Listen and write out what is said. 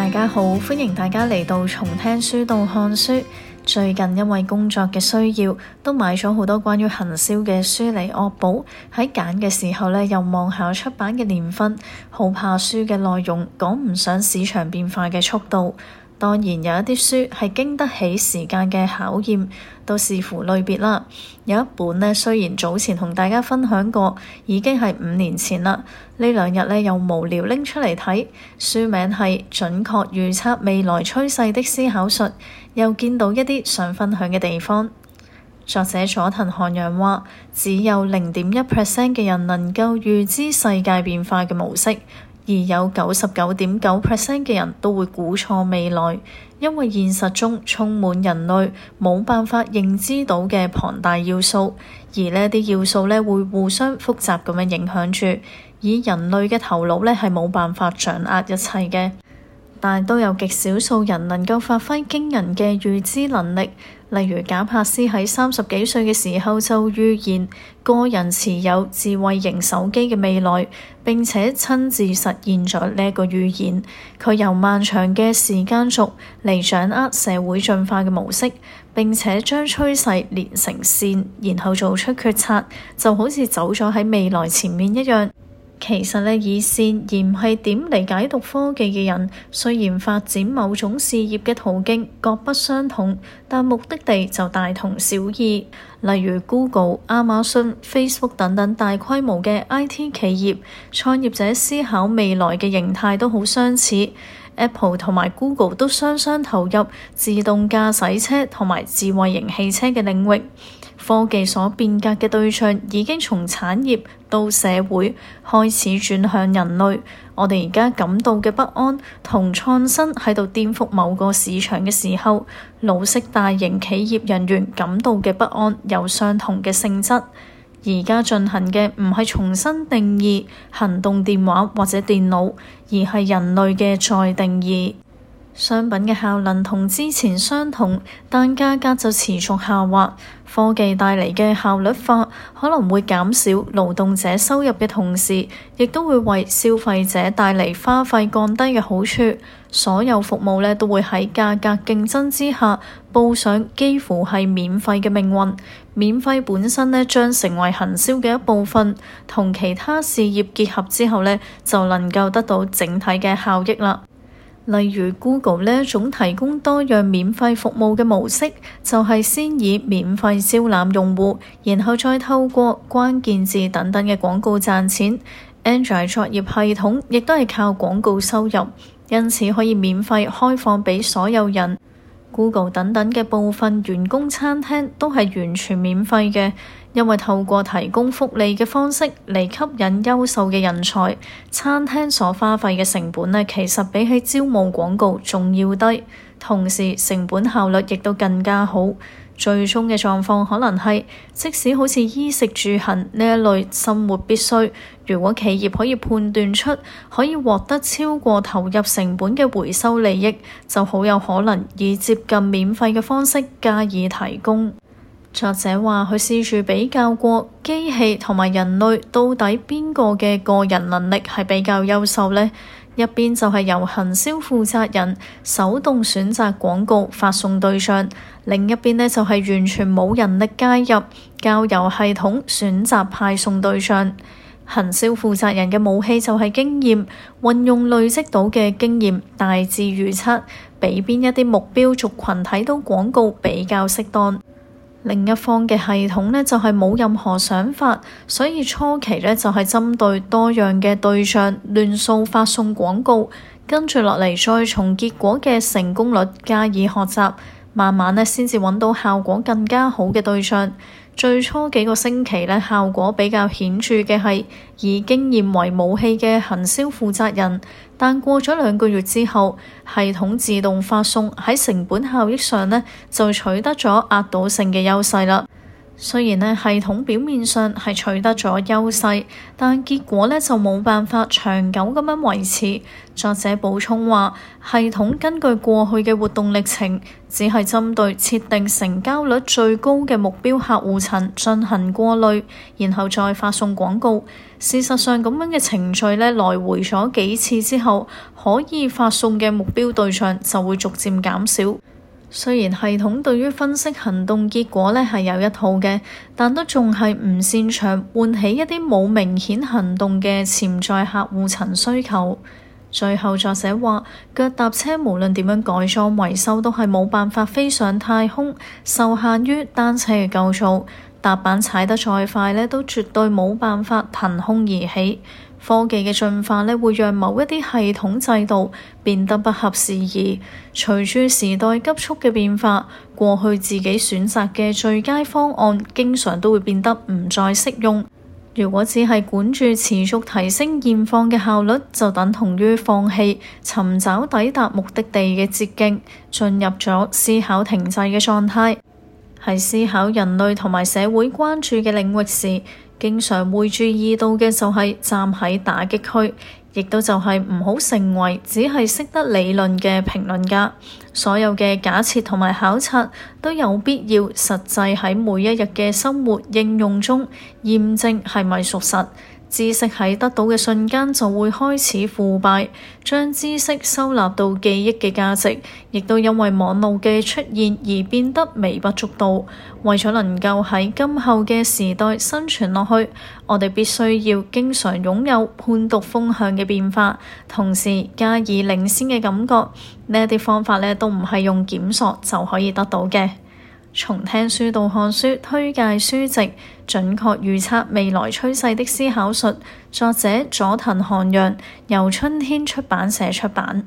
大家好，歡迎大家嚟到從聽書到看書。最近因為工作嘅需要，都買咗好多關於行銷嘅書嚟惡補。喺揀嘅時候咧，又望下出版嘅年份，好怕書嘅內容趕唔上市場變化嘅速度。當然有一啲書係經得起時間嘅考驗，都視乎類別啦。有一本呢，雖然早前同大家分享過，已經係五年前啦。呢兩日呢，又無聊拎出嚟睇，書名係《準確預測未來趨勢的思考術》，又見到一啲想分享嘅地方。作者佐藤漢陽話：只有零點一 percent 嘅人能夠預知世界變化嘅模式。而有九十九點九 percent 嘅人都會估錯未來，因為現實中充滿人類冇辦法認知到嘅龐大要素，而呢啲要素咧會互相複雜咁樣影響住，以人類嘅頭腦咧係冇辦法掌握一切嘅，但係都有極少數人能夠發揮驚人嘅預知能力。例如，賈伯斯喺三十幾歲嘅時候就預言個人持有智慧型手機嘅未來，並且親自實現咗呢一個預言。佢由漫長嘅時間軸嚟掌握社會進化嘅模式，並且將趨勢連成線，然後做出決策，就好似走咗喺未來前面一樣。其實呢以線而唔係點嚟解讀科技嘅人，雖然發展某種事業嘅途徑各不相同，但目的地就大同小異。例如 Google、亞馬遜、Facebook 等等大規模嘅 IT 企業，創業者思考未來嘅形態都好相似。Apple 同埋 Google 都雙雙投入自動駕駛車同埋智慧型汽車嘅領域。科技所變革嘅對象已經從產業到社會開始轉向人類，我哋而家感到嘅不安同創新喺度顛覆某個市場嘅時候，老式大型企業人員感到嘅不安有相同嘅性質。而家進行嘅唔係重新定義行動電話或者電腦，而係人類嘅再定義。商品嘅效能同之前相同，但價格就持續下滑。科技帶嚟嘅效率化可能會減少勞動者收入嘅同時，亦都會為消費者帶嚟花費降低嘅好處。所有服務呢都會喺價格競爭之下，步上幾乎係免費嘅命運。免費本身呢將成為行銷嘅一部分，同其他事業結合之後呢就能夠得到整體嘅效益啦。例如 Google 呢種提供多樣免費服務嘅模式，就係、是、先以免費招攬用戶，然後再透過關鍵字等等嘅廣告賺錢。Android 作業系統亦都係靠廣告收入，因此可以免費開放俾所有人。Google 等等嘅部分員工餐廳都係完全免費嘅。因為透過提供福利嘅方式嚟吸引優秀嘅人才，餐廳所花費嘅成本呢，其實比起招募廣告仲要低，同時成本效率亦都更加好。最終嘅狀況可能係，即使好似衣食住行呢一類生活必需，如果企業可以判斷出可以獲得超過投入成本嘅回收利益，就好有可能以接近免費嘅方式加以提供。作者話佢試住比較過機器同埋人類到底邊個嘅個人能力係比較優秀呢？一邊就係由行銷負責人手動選擇廣告，發送對象，另一邊呢，就係完全冇人力介入，交由系統選擇派送對象。行銷負責人嘅武器就係經驗，運用累積到嘅經驗大致預測，俾邊一啲目標族群睇到廣告比較適當。另一方嘅系統呢，就係冇任何想法，所以初期呢，就係針對多樣嘅對象亂數發送廣告，跟住落嚟再從結果嘅成功率加以學習，慢慢呢，先至揾到效果更加好嘅對象。最初幾個星期咧，效果比較顯著嘅係以經驗為武器嘅行銷負責人，但過咗兩個月之後，系統自動發送，喺成本效益上咧就取得咗壓倒性嘅優勢啦。雖然呢，系統表面上係取得咗優勢，但結果呢，就冇辦法長久咁樣維持。作者補充話，系統根據過去嘅活動歷程，只係針對設定成交率最高嘅目標客戶層進行過濾，然後再發送廣告。事實上咁樣嘅程序呢，來回咗幾次之後，可以發送嘅目標對象就會逐漸減少。雖然系統對於分析行動結果咧係有一套嘅，但都仲係唔擅長喚起一啲冇明顯行動嘅潛在客戶層需求。最後作者話：腳踏車無論點樣改裝維修，都係冇辦法飛上太空，受限於單車嘅構造，踏板踩得再快咧，都絕對冇辦法騰空而起。科技嘅進化咧，會讓某一啲系統制度變得不合時宜。隨住時代急速嘅變化，過去自己選擇嘅最佳方案，經常都會變得唔再適用。如果只係管住持續提升現況嘅效率，就等同於放棄尋找抵達目的地嘅捷徑，進入咗思考停滯嘅狀態。喺思考人類同埋社會關注嘅領域時，經常會注意到嘅就係站喺打擊區，亦都就係唔好成為只係識得理論嘅評論家。所有嘅假設同埋考察都有必要實際喺每一日嘅生活應用中驗證係咪屬實。知識喺得到嘅瞬間就會開始腐敗，將知識收納到記憶嘅價值，亦都因為網路嘅出現而變得微不足道。為咗能夠喺今後嘅時代生存落去，我哋必須要經常擁有判讀風向嘅變化，同時加以領先嘅感覺。呢啲方法呢都唔係用檢索就可以得到嘅。從聽書到看書，推介書籍，準確預測未來趨勢的思考術。作者佐藤韓陽，由春天出版社出版。